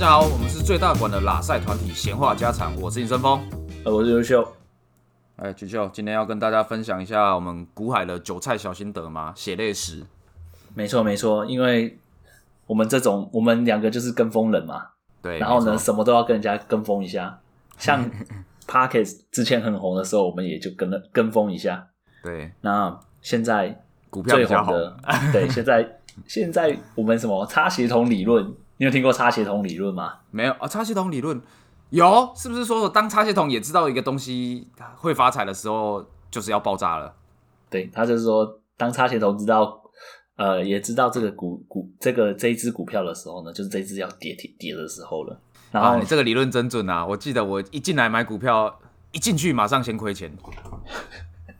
大家好，我們是最大管的喇賽團體閒話家常，我是尹生峰、呃，我是峻岫，哎、欸，峻岫，今天要跟大家分享一下我們股海的韭菜小心得嘛？血淚史，沒錯沒錯，因為我們這種我們兩個就是跟風人嘛，對，然後呢，錯什麼都要跟人家跟風一下，像 Podcast 之前很紅的時候， 我們也就跟了跟風一下，對，那現在股票最紅的比較紅、啊。對，現在 現在我們什麼插協同理論？你有聽過擦鞋童理論嗎？沒有啊，擦鞋童理論有，是不是說當擦鞋童也知道一個東西會發財的時候，就是要爆炸了？對，他就是說，當擦鞋童知道，呃，也知道這個股股這個這一支股票的時候呢，就是這支要跌跌的時候了。然後啊，你這個理論真準啊！我記得我一進來買股票，一進去馬上先虧錢。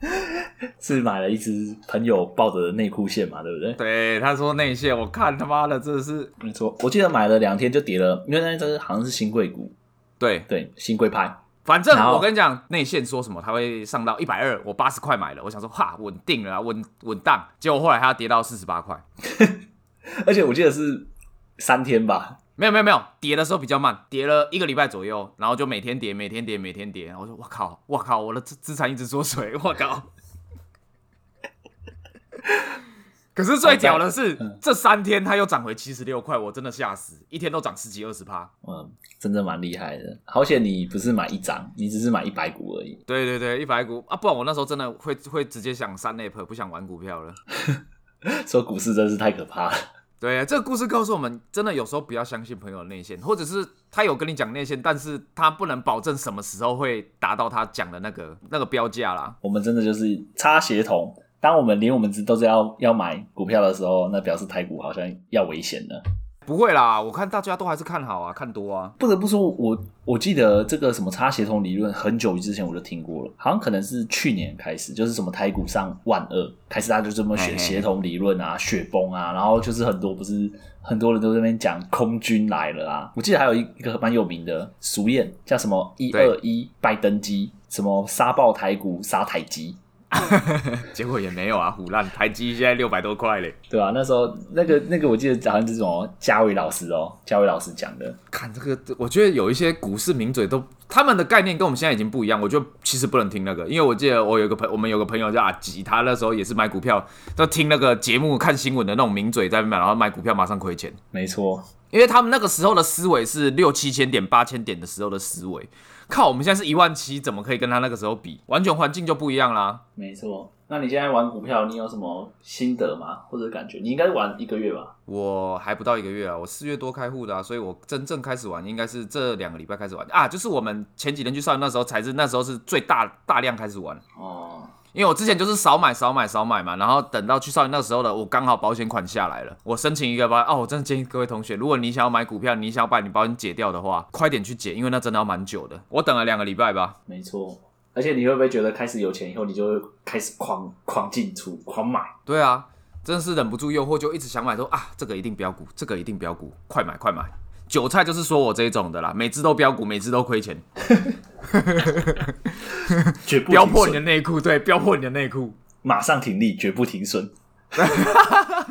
是買了一只朋友抱着的內褲線嘛，對不對？對，他說內線，我看他媽的真的是沒錯。我記得買了兩天就跌了，因為那只好像是新貴股，對對，新貴派。反正然後，我跟你講，內線說什麼，他會上到一百二，我八十塊買了。我想說哈，穩定了，穩穩當。結果後來它要跌到四十八塊， 而且我記得是三天吧。沒有沒有沒有，跌的時候比較慢，跌了一個禮拜左右，然後就每天跌，每天跌，每天跌。然後我說我靠，我靠，我的資資產一直縮水，我靠。 可是最屌的是，哦嗯、這三天它又漲回七十六塊，我真的嚇死，一天都漲十幾二十趴。嗯，真的蠻厲害的。好險你不是買一張，你只是買一百股而已。對對對，一百股啊，不然我那時候真的會會直接想刪 App，不想玩股票了。 說股市真的是太可怕了。嗯對、啊，這個故事告訴我們，真的有時候不要相信朋友的內線，或者是他有跟你講內線，但是他不能保證什麼時候會達到他講的那個那個標價啦。我們真的就是擦鞋童，當我們連我們都是要要買股票的時候，那表示台股好像要危險了。不會啦，我看大家都還是看好啊，看多啊。不得不說我，我我記得這個什麼差協同理論，很久之前我就聽過了，好像可能是去年開始，就是什麼台股上萬二開始，他就這麼寫協同理論啊，嘿嘿雪崩啊，然後就是很多不是很多人都在那邊講空軍來了啊。我記得還有一個，一個蠻有名的俗諺，叫什麼一二一拜登機，對什麼殺爆台股殺台積。 結果也沒有啊，唬爛，台積現在六百多塊嘞。對啊，那時候那個那個，那個、我記得好像是什麼嘉偉老師哦，嘉偉老師講的。看這個，我覺得有一些股市名嘴都他們的概念跟我們現在已經不一樣。我覺得其實不能聽那個，因為我記得我有個朋友，我們有個朋友叫阿吉，他那時候也是買股票，都聽那個節目、看新聞的那種名嘴在買，然後買股票馬上虧錢。沒錯錯，因為他們那個時候的思維是六七千點、八千點的時候的思維。靠，我們現在是一萬七，怎麼可以跟他那個時候比？完全環境就不一樣啦、啊。沒錯，那你現在玩股票，你有什麼心得嗎？或者感覺？你應該是玩一個月吧？我還不到一個月啊，我四月多開戶的啊，所以我真正開始玩應該是這兩個禮拜開始玩啊，就是我們前幾天去上那時候才是，那時候是最大大量開始玩哦。因為我之前就是少買少買少買嘛，然後等到去少年那時候的我剛好保險款下來了，我申請一個吧。哦，我真的建議各位同學，如果你想要買股票，你想要把你保險解掉的話，快點去解，因為那真的要蠻久的。我等了兩個禮拜吧。沒錯，而且你會不會覺得開始有錢以後，你就會開始狂狂進出狂買？對啊，真的是忍不住誘惑，就一直想買，說啊，這個一定飆股，這個一定飆股，快買快買。韭菜就是說我這種的啦，每次都飆股，每次都虧錢，飆 破你的內褲，對，飆破你的內褲，馬上停利，絕不停損，漲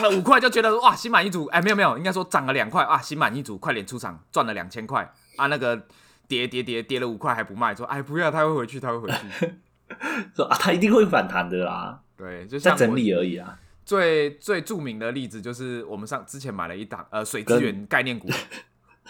了五塊就覺得哇，心滿意足，哎、欸，沒有沒有，應該說漲了兩塊，啊心滿意足，快點出場，賺了兩千塊，啊，那個跌跌跌跌了五塊還不賣，說哎、欸、不要，他會回去，他會回去，說 啊，他一定會反彈的啦，對，就在整理而已啦、啊最最著名的例子就是我們上之前買了一檔呃水資源概念股，跟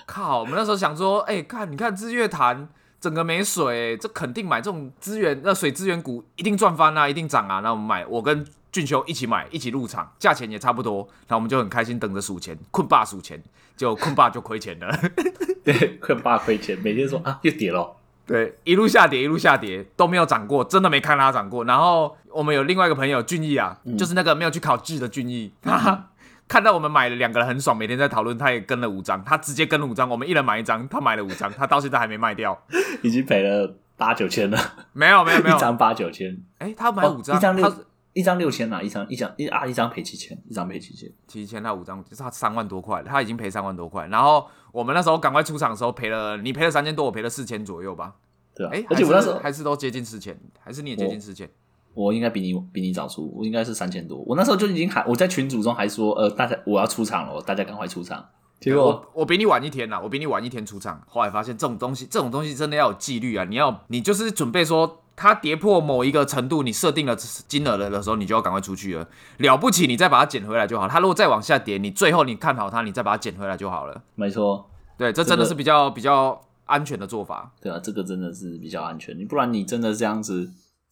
靠！我們那時候想說，哎、欸，看你看日月潭整個沒水，這肯定買這種資源，那水資源股一定賺翻啊，一定漲啊，那我們買，我跟峻岫一起買，一起入場，價錢也差不多，那我們就很開心，等着數錢。困爸數錢，困霸就困爸就虧錢了。對，困爸虧錢，每天說啊又跌了、哦。對，一路下跌，一路下跌，都沒有漲過，真的沒看他漲過。然後我們有另外一個朋友俊逸啊，嗯、就是那個沒有去考 G 的俊逸，他看到我們買了，兩個人很爽，每天在討論，他也跟了五張，他直接跟了五張，我們一人買一張，他買了五張，他到現在還沒賣掉，已經賠了八九千了，沒有沒有沒有，沒有一張八九千，哎，他買了五張，哦、一張六。一張六千啊，一張一張一，張一啊，一張賠七千，一張賠七千，一張賠七千，七千那五張他三萬多塊了，他已經賠三萬多塊。然後我們那時候趕快出場的時候，賠了你賠了三千多，我賠了四千左右吧。對啊，誒而且我那時候還是，還是都接近四千，還是你也接近四千。我，我應該比你比你早出，我應該是三千多。我那時候就已經還我在群組中還說，呃，大家我要出場了，大家趕快出場。結果我，我比你晚一天呐、啊，我比你晚一天出場，後來發現這種東西，這種東西真的要有紀律啊！你要你就是準備說。它跌破某一個程度，你設定了金額了的時候，你就要趕快出去了。了不起，你再把它撿回來就好。它如果再往下跌，你最後你看好它，你再把它撿回來就好了。沒錯，對，這真的是比較、這個、比較安全的做法。對啊，這個真的是比較安全。你不然你真的是這樣子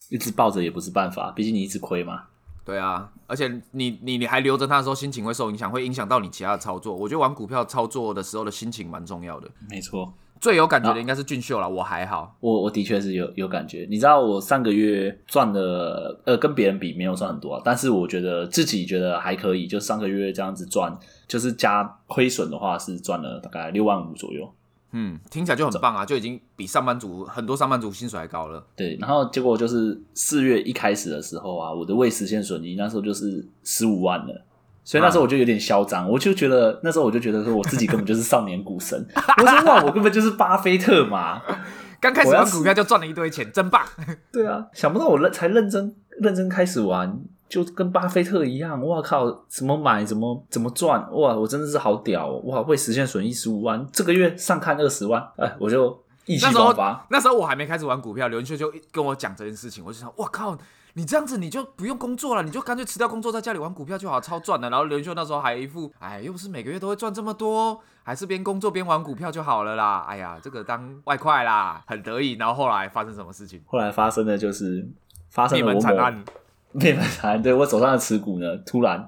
一直抱着也不是辦法，畢竟你一直虧嘛。對啊，而且你你你還留着它的時候，心情會受影響，會影響到你其他的操作。我覺得玩股票操作的時候的心情蠻重要的。沒錯。最有感覺的應該是峻岫了，啊、我還好。我我的確是有有感覺，你知道我上個月賺了，呃，跟別人比沒有賺很多，啊，但是我覺得自己覺得還可以。就上個月這樣子賺，就是加虧損的話是賺了大概六萬五左右。嗯，聽起來就很棒啊，走就已經比上班族很多上班族薪水還高了。對，然後結果就是四月一開始的時候啊，我的未實現損益那時候就是十五萬了。所以那時候我就有點囂張，啊、我就覺得那時候我就覺得說我自己根本就是少年股神， 我說哇，我根本就是巴菲特嘛！剛 開始玩股票就賺了一堆錢，真棒！ 對啊，想不到我認才認真認真開始玩，就跟巴菲特一樣，哇靠，怎麼買怎麼怎麼賺，哇，我真的是好屌！哇，未實現損益十五萬，這個月上看二十萬，哎，我就意氣風發那。那時候我還沒開始玩股票，劉峻岫就跟我講這件事情，我就想，哇靠！你這樣子你就不用工作了，你就乾脆辭掉工作，在家裡玩股票就好，超賺的。然後峻岫那時候還一副，哎，又不是每個月都會賺這麼多，還是邊工作邊玩股票就好了啦。哎呀，這個當外快啦，很得意。然後後來發生什麼事情？後來發生的就是發生了滅門慘案，滅門慘案。對我手上的持股呢，突然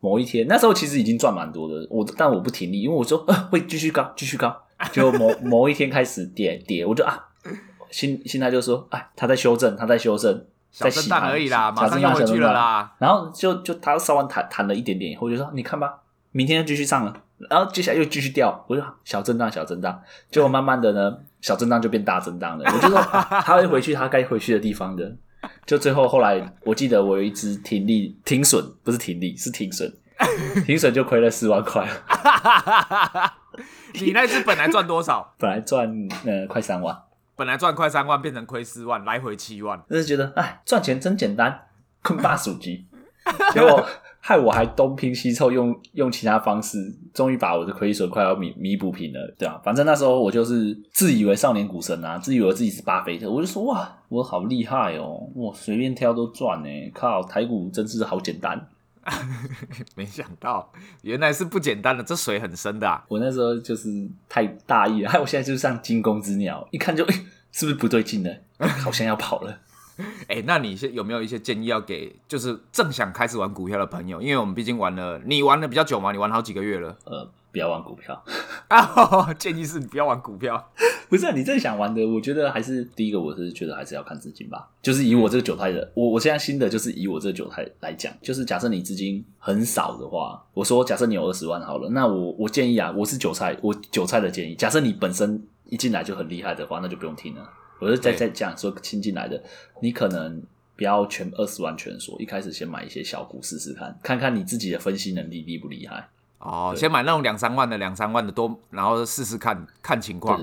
某一天，那時候其實已經賺蠻多的，我但我不停利，因為我說呃、會繼續高，繼續高。就 某某一天開始跌跌，我就啊，心心態就說，哎、啊，他在修正，他在修正。小震盪而已啦，馬上又回，了又回去了啦。然後就就他稍微彈彈了一點點以後，我就說：“你看吧，明天就繼續上了。”然後接下來又繼續掉，我就小震盪，小震盪，結果慢慢的呢，小震盪就變大震盪了。我就說，啊，他會回去，他該回去的地方的。 就最後後來，我記得我有一隻停利停損，不是停利是停損，停損就虧了四萬塊。 你那次本來賺多少？ 本來賺呃快三萬。本來賺快三萬，變成虧四萬，來回七萬，就是覺得哎，賺錢真簡單，坑巴手機， 結果害我還東拼西湊，用用其他方式，終於把我的虧損快要彌彌補平了，對啊。反正那時候我就是自以為少年股神啊，自以為自己是巴菲特，我就說哇，我好厲害哦，我隨便挑都賺呢、欸。靠，台股真是好簡單。 沒想到，原來是不簡單的，這水很深的、啊。我那時候就是太大意了，我現在就是像驚弓之鳥，一看就，是不是不對勁了， 好像要跑了。哎、欸，那你有沒有一些建議要給，就是正想開始玩股票的朋友？因為我們畢竟玩了，你玩的比較久嘛，你玩好幾個月了。呃不要玩股票啊！ oh, 建議是你不要玩股票，不是，啊、你正想玩的。我覺得還是第一個，我是覺得還是要看資金吧。就是以我這個韭菜的，對我我現在新的就是以我這個韭菜來講，就是假設你資金很少的話，我說假設你有二十萬好了，那我我建議啊，我是韭菜，我韭菜的建議，假設你本身一進來就很厲害的話，那就不用聽了。我是再再講說新進來的，你可能不要全二十萬全梭，一開始先買一些小股試試看，看看你自己的分析能力厲不厲害。哦，對先買那種兩三萬的，兩三萬的多，然後試試看看情況，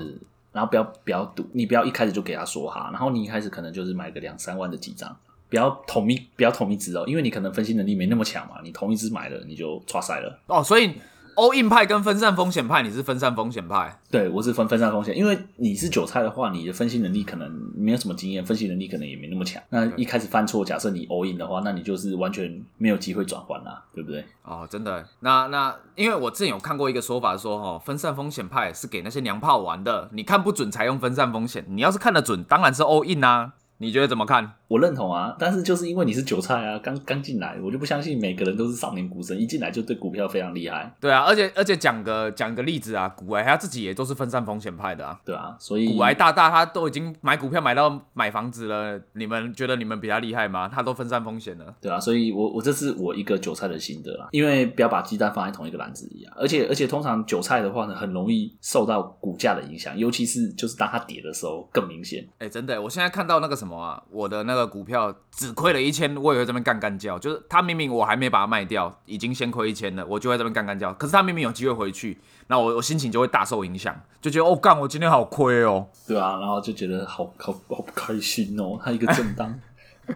然後不要不要賭，你不要一開始就給他說哈，然後你一開始可能就是買個兩三萬的幾張，不要同一不要同一隻哦，因為你可能分析能力沒那麼強嘛，你同一隻買了你就抓賽了哦，所以。all in 派跟分散風險派，你是分散風險派，對，我是分分散風險，因為你是韭菜的話，你的分析能力可能沒有什麼經驗，分析能力可能也沒那麼強。那一開始犯錯，假設你 all in 的話，那你就是完全沒有機會轉換啦、啊，對不對？哦，真的。那那因為我之前有看過一個說法說，說、哦、哈分散風險派是給那些娘炮玩的，你看不準才用分散風險，你要是看得準，當然是 all in 啊，你覺得怎麼看？我認同啊，但是就是因為你是韭菜啊，剛剛進來，我就不相信每個人都是少年股神，一進來就對股票非常厲害。對啊，而且而且講個講個例子啊，股癌他自己也都是分散風險派的啊。對啊，所以股癌大大他都已經買股票買到買房子了，你們覺得你們比他厲害嗎？他都分散風險了。對啊，所以我我這是我一個韭菜的心得啊，因為不要把雞蛋放在同一個籃子裡啊。而且而且通常韭菜的話呢，很容易受到股價的影響，尤其是就是當他跌的時候更明顯。哎、欸，真的、欸，我現在看到那個什麼啊，我的那個。股票只虧了一千，我也會這邊幹幹叫，就是他明明我還沒把它賣掉，已經先虧一千了，我就在這邊幹幹叫，可是他明明有機會回去，那我我心情就會大受影響，就覺得哦幹，oh, God, 我今天好虧哦。對啊，然後就覺得好好好不開心哦。他一個震盪，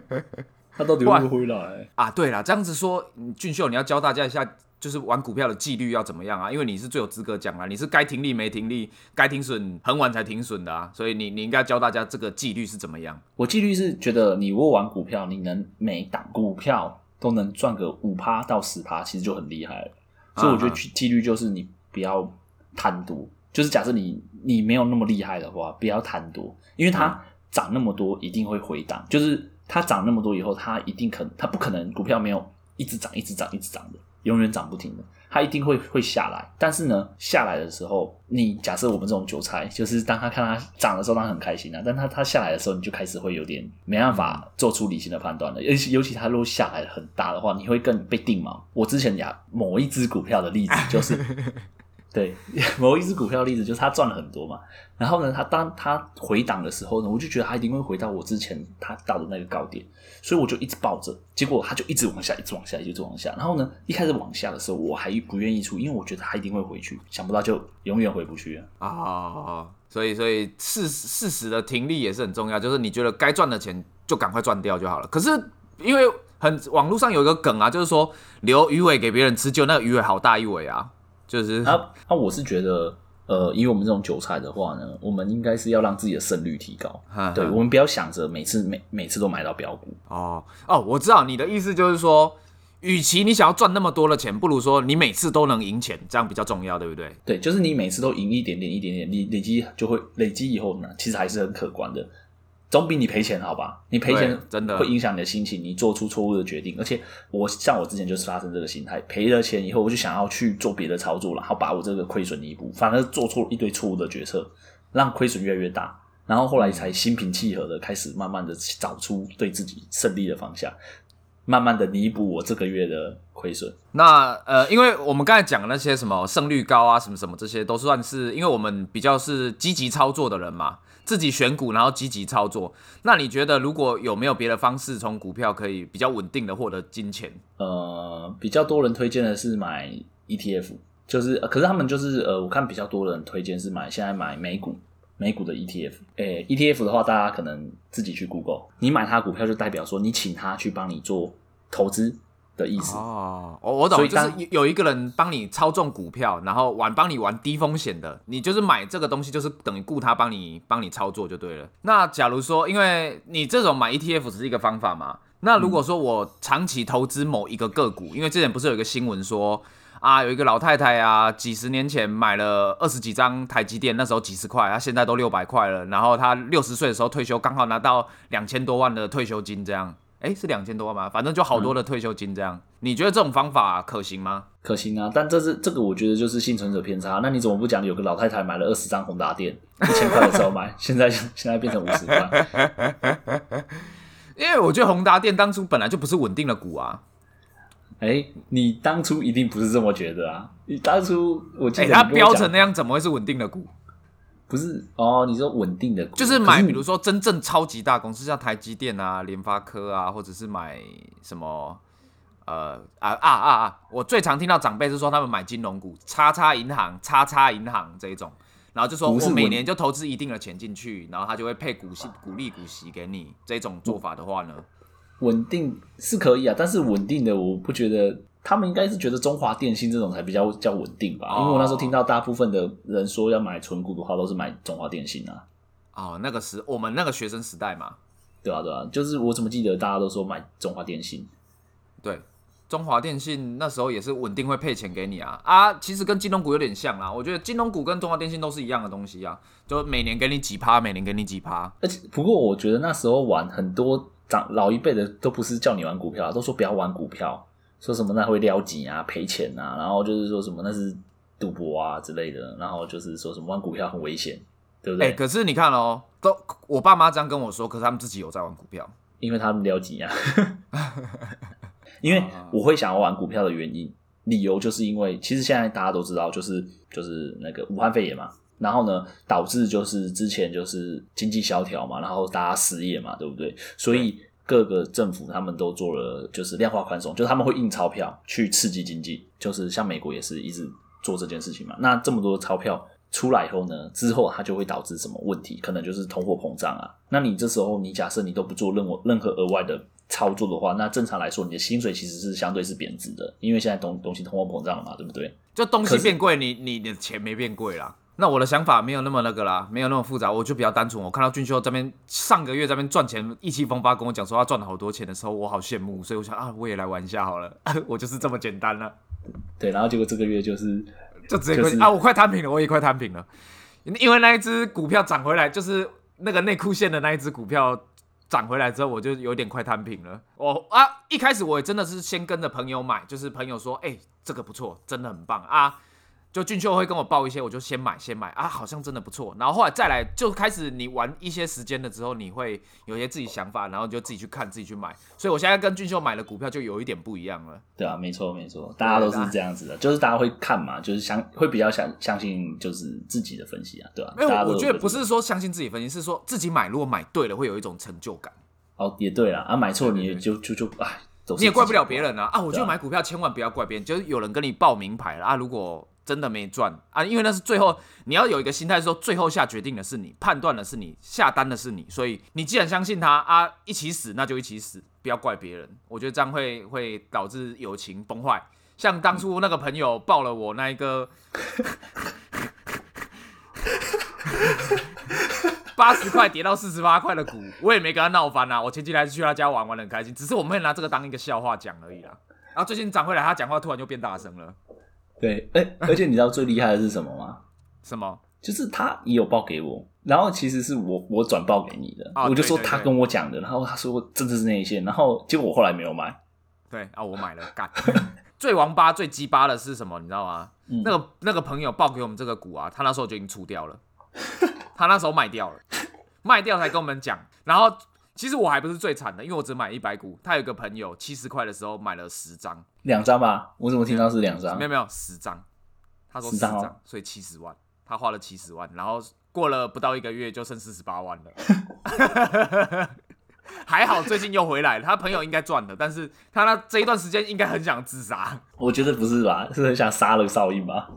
唉他到底會不會回來啊？對了，這樣子說，峻岫，你要教大家一下。就是玩股票的紀律要怎麼樣啊？因為你是最有資格講啊，你是該停利沒停利，該停損很晚才停損的啊，所以你你應該教大家這個紀律是怎麼樣。我紀律是覺得你如果玩股票，你能每檔股票都能賺個五趴到十趴，其實就很厲害了。啊啊所以我覺得紀律就是你不要貪多，就是假設你你沒有那麼厲害的話，不要貪多，因為它漲、嗯、那麼多一定會回檔，就是它漲那麼多以後，它一定可能它不可能股票沒有一直漲一直漲一直漲的。永遠漲不停的，它一定會會下來。但是呢，下來的時候，你假設我們這種韭菜，就是當他看他漲的時候，當然很開心啊。但他他下來的時候，你就開始會有點沒辦法做出理性的判斷了。嗯、尤其尤其他如果下來很大的話，你會更被定錨。我之前講某一只股票的例子就是。 對某一支股票的例子，就是他賺了很多嘛，然後呢，他當他回檔的時候呢，我就覺得他一定會回到我之前他到的那個高點，所以我就一直抱着，結果他就一直往下，一直往下，一直往下。然後呢，一開始往下的時候我還不願意出，因為我覺得他一定會回去，想不到就永遠回不去啊、哦哦哦！所以所以適時適時的停利也是很重要，就是你覺得該賺的錢就趕快賺掉就好了。可是因為很網路上有一個梗啊，就是說留魚尾給別人吃，就那個魚尾好大一尾啊。就是啊那、啊、我是覺得，呃，因為我們這種韭菜的話呢，我們應該是要讓自己的勝率提高。哈哈對，我們不要想着每次每每次都買到飆股。哦哦，我知道你的意思，就是說，與其你想要賺那麼多的錢，不如說你每次都能贏錢，這樣比較重要，對不對？對，就是你每次都贏一點點一點點，你累積就會累積以後呢，其實還是很可觀的。總比你賠錢好吧？你賠錢真的會影響你的心情，你做出錯誤的決定。而且我像我之前就是發生這個心態，賠了錢以後，我就想要去做別的操作，然後把我這個虧損彌補，反而做出一堆錯誤的決策，讓虧損越來越大。然後後來才心平氣和的開始，慢慢的找出對自己勝利的方向，慢慢的彌補我這個月的虧損。那呃，因為我們剛才講的那些什麼勝率高啊，什麼什麼這些，都算是因為我們比較是積極操作的人嘛。自己選股，然後積極操作。那你覺得，如果有沒有別的方式，從股票可以比較穩定的獲得金錢？呃，比較多人推薦的是買 ETF，就是、呃，可是他們就是呃，我看比較多人推薦是買，現在買美股，美股的 ETF。誒，ETF 的話，大家可能自己去 Google，你買他股票就代表說你請他去幫你做投資。的意思哦，oh, 我懂，就是有一個人幫你操縱股票，然後玩幫你玩低風險的，你就是買這個東西，就是等於雇他幫你幫你操作就對了。那假如說，因為你這種買 ETF 只是一個方法嘛，那如果說我長期投資某一個個股，嗯，因為之前不是有一個新聞說啊，有一個老太太啊，幾十年前買了二十幾張台積電，那時候幾十塊，她現在都六百塊了，然後她六十歲的時候退休，剛好拿到兩千多萬的退休金，這樣。哎，是兩千多萬嗎？反正就好多的退休金這樣。嗯、你覺得這種方法可行嗎？可行啊，但這是這個，我覺得就是倖存者偏差。那你怎麼不講有個老太太買了二十張宏達電，一千塊的時候買， 現在現在變成五十塊。因為我覺得宏達電當初本來就不是穩定的股啊。哎，你當初一定不是這麼覺得啊？你當初我，記得我，得它飆成那樣，怎麼會是穩定的股？不是哦，你說穩定的，就是買，比如說真正超級大公司，像台積電啊、聯發科啊，或者是買什麼呃啊啊啊啊！我最常聽到長輩是說他們買金融股，叉叉銀行、叉叉銀行這一種，然後就說我每年就投資一定的錢進去，然後他就會配股息、股利、股息給你。這種做法的話呢，穩定是可以啊，但是穩定的我不覺得。他們應該是覺得中華電信這種才比較較穩定吧？因為我那時候聽到大部分的人說要買存股的話，都是買中華電信啊。哦，那個時我們那個學生時代嘛。對啊，對啊，就是我怎麼記得大家都說買中華電信。對，中華電信那時候也是穩定會配錢給你啊啊！其實跟金融股有點像啊，我覺得金融股跟中華電信都是一樣的東西啊，就每年給你幾趴，每年給你幾趴。而且，不過我覺得那時候玩很多長老一輩的都不是叫你玩股票啊，都說不要玩股票。說什麼那會撩急啊賠錢啊，然後就是說什麼那是賭博啊之類的，然後就是說什麼玩股票很危險，對不對？哎、欸，可是你看哦，都我爸媽這樣跟我說，可是他們自己有在玩股票，因為他們撩急啊。 因為我會想要玩股票的原因，理由就是因為其實現在大家都知道，就是就是那個武漢肺炎嘛，然後呢導致就是之前就是經濟蕭條嘛，然後大家失業嘛，對不對？所以。各個政府他們都做了，就是量化寬鬆，就是他們會印鈔票去刺激經濟，就是像美國也是一直做這件事情嘛。那這麼多的鈔票出來以後呢，之後它就會導致什麼問題？可能就是通貨膨脹啊。那你這時候你假設你都不做任何任何額外的操作的話，那正常來說你的薪水其實是相對是貶值的，因為現在東東西通貨膨脹了嘛，對不對？就東西變貴，可是，你你的錢沒變貴啦。那我的想法沒有那麼那個啦，沒有那麼複雜，我就比較單純。我看到峻岫這邊上個月這邊賺錢，意氣風發，跟我講說他賺了好多錢的時候，我好羨慕，所以我想啊，我也來玩一下好了，啊、我就是這麼簡單了。對，然後結果這個月就是，就直接虧、就是、啊，我快攤平了，我也快攤平了，因為那一隻股票漲回來，就是那個內褲線的那一隻股票漲回來之後，我就有點快攤平了。我啊，一開始我也真的是先跟着朋友買，就是朋友說，哎、欸，這個不錯，真的很棒啊。就峻岫會跟我報一些，我就先買，先買啊，好像真的不錯。然後後來再來，就開始你玩一些時間了之後，你會有一些自己想法，然後就自己去看，自己去買。所以我現在跟峻岫買的股票就有一點不一樣了。對啊，沒錯沒錯，大家都是這樣子的，吧就是大家會看嘛，就是相會比較想相信就是自己的分析啊，對啊，因為我覺得不是說相信自己分析，是說自己買，如果買對了，會有一種成就感。哦，也對了啊，買錯你就對對對，就就哎，你也怪不了別人啊啊！我覺得買股票千萬不要怪別人，啊、就是有人跟你報名牌了啊，如果。真的沒賺啊，因為那是最後，你要有一個心態，說最後下決定的是你，判斷的是你，下單的是你，所以你既然相信他啊，一起死那就一起死，不要怪別人。我覺得這樣會會導致友情崩壞。像當初那個朋友報了我那一個八十塊跌到四十八塊的股，我也沒跟他鬧翻啊。我前幾天去他家玩，玩得很開心，只是我沒拿這個當一個笑話講而已啦、啊。然後最近漲回來，他講話突然就變大聲了。對，哎、欸，而且你知道最厲害的是什麼嗎？ 什麼？就是他也有報給我，然後其實是我我轉報給你的，啊、我就說他跟我講的，然後他說正是那一些，然後結果我後來沒有買。對啊、哦，我買了，幹！ 最王八最雞巴的是什麼？你知道嗎？嗯、那個那個朋友報給我們這個股啊，他那時候就已經出掉了，他那時候賣掉了，賣掉才跟我們講，然後。其實我還不是最慘的，因為我只買一百股。他有一個朋友七十塊的時候買了十張，兩張吧？我怎麼聽到是兩張？沒有沒有，十張。他說十張，哦，所以七十萬，他花了七十萬，然後過了不到一個月就剩四十八萬了。 還好最近又回來了，他朋友應該賺的。但是他那這一段時間應該很想自殺。我覺得不是吧？是很想殺了邵英吧？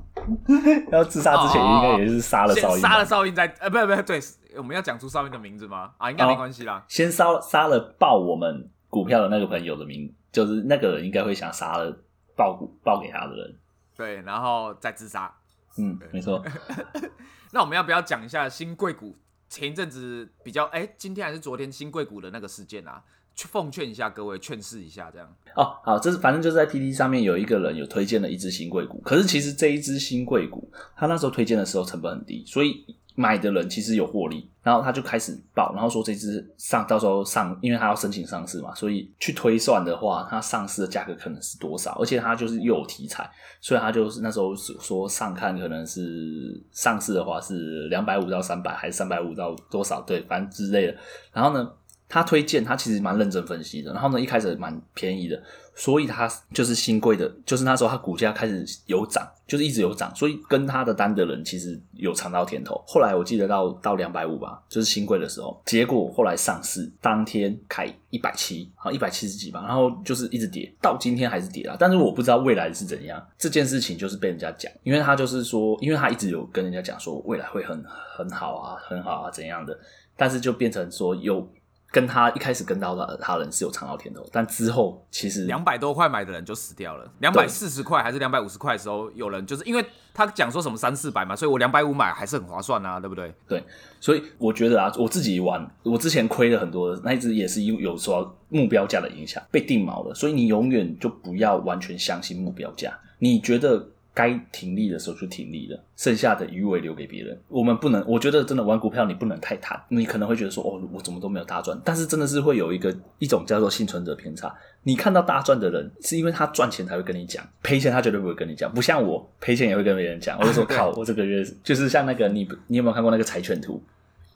然後 自殺之前應該也是殺了邵英，哦、殺了邵英在，呃，不不,不，對。我們要講出上面的名字嗎？啊，應該沒關係啦。哦、先殺殺了報我們股票的那個朋友的名，就是那個人應該會想殺了報股報給他的人。對，然後再自殺。嗯，對沒錯錯。 那我們要不要講一下新貴股前一陣子比較？哎、欸，今天還是昨天新貴股的那個事件啊？去奉勸一下各位，勸示一下這樣。哦，好，這是反正就是在 PTT 上面有一個人有推薦了一只新貴股，可是其實這一只新貴股他那時候推薦的時候成本很低，所以。買的人其實有獲利，然後他就開始報，然後說這支上，到時候上，因為他要申請上市嘛，所以去推算的話，他上市的價格可能是多少，而且他就是又有題材，所以他就是那時候說上看可能是上市的話是兩百五到三百，還是三百五到多少？對，反正之類的。然後呢？他推薦他其實蠻認真分析的，然後呢，一開始蠻便宜的，所以他就是興櫃的，就是那時候他股價開始有漲，就是一直有漲，所以跟他的單的人其實有嘗到甜頭。後來我記得到到兩百五吧，就是興櫃的時候，結果後來上市當天開一百七，好一百七十幾吧，然後就是一直跌，到今天還是跌啊。但是我不知道未來是怎樣。這件事情就是被人家講，因為他就是說，因為他一直有跟人家講說未來會很很好啊，很好啊怎樣的，但是就變成說有。跟他一開始跟到他的他人是有嘗到甜頭，但之後其實兩百多塊買的人就死掉了，兩百四十塊還是兩百五十塊的時候，有人就是因為他講說什麼三四百嘛，所以我兩百五買還是很划算啊，對不對？對，所以我覺得啊，我自己玩，我之前虧了很多，那一隻也是有受到目標價的影響，被定錨了，所以你永遠就不要完全相信目標價，你覺得？該停利的時候就停利了，剩下的魚尾留給別人。我們不能，我覺得真的玩股票，你不能太貪。你可能會覺得說，哦，我怎麼都沒有大賺。但是真的是會有一個一種叫做幸存者偏差。你看到大賺的人，是因為他賺錢才會跟你講，賠錢他絕對不會跟你講。不像我，賠錢也會跟別人講。我就說，靠，我這個月 就是像那個你，你有沒有看過那個柴犬圖？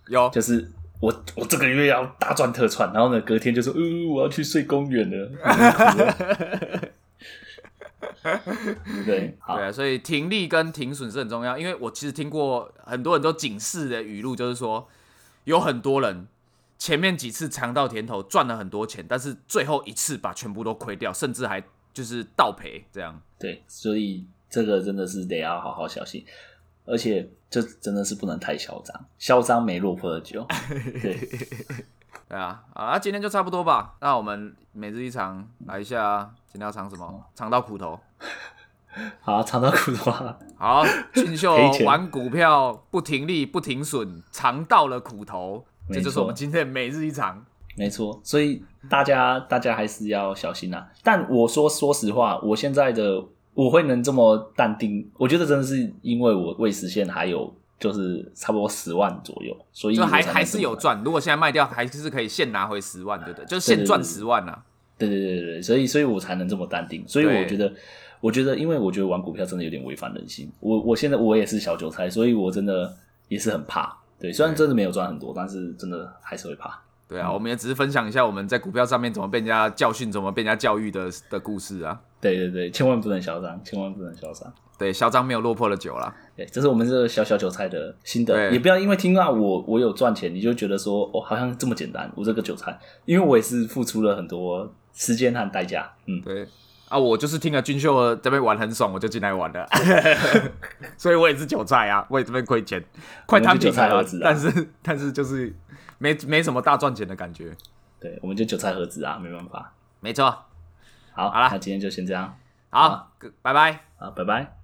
有，就是我我這個月要大賺特賺，然後呢，隔天就說，嗯、呃，我要去睡公園了。 對對啊，所以停利跟停損是很重要，因為我其實聽過很多人都警示的語錄，就是說有很多人前面幾次嘗到甜頭，賺了很多錢，但是最後一次把全部都虧掉，甚至還就是倒賠這樣。對，所以這個真的是得要好好小心，而且這真的是不能太囂張，囂張沒落魄的久。對。 對啊，啊，今天就差不多吧。那我們每日一嘗，來一下，今天要嘗什麼？嘗到苦頭。好、啊，嘗到苦頭了、啊。好，峻岫錢玩股票不停利不停損，嘗到了苦頭。錯這就是我們今天每日一嘗。沒錯，所以大家大家還是要小心啦、啊、但我說說實話，我現在的我會能這麼淡定，我覺得真的是因為我未實現還有。就是差不多十萬左右，所以還還是有賺。如果現在賣掉，還是可以現拿回十萬，對不對？就是現賺十萬啊！對對對對對，所以所以，我才能這麼淡定。所以我覺得，對我覺得，因為我覺得玩股票真的有點違反人性。我我現在我也是小韭菜，所以我真的也是很怕。對，雖然真的沒有賺很多，但是真的還是會怕。對啊，我們也只是分享一下我們在股票上面怎麼被人家教訓、怎麼被人家教育的的故事啊。對對對，千萬不能囂張，千萬不能囂張。對，囂張沒有落魄的久啦。對，這是我們這個小小韭菜的心得，對也不要因為聽到我我有賺錢，你就覺得說哦，好像這麼簡單。我這個韭菜，因為我也是付出了很多時間和代價。嗯，對。啊，我就是聽了峻岫這邊玩很爽，我就進來玩了。 所以我也是韭菜啊，我也這邊虧錢，快攤韭菜盒子啊。但是但是就是沒沒什麼大賺錢的感覺，對，我們就韭菜盒子啊，沒辦法，沒錯，好好啦，那今天就先這樣，好，拜拜，好，拜拜。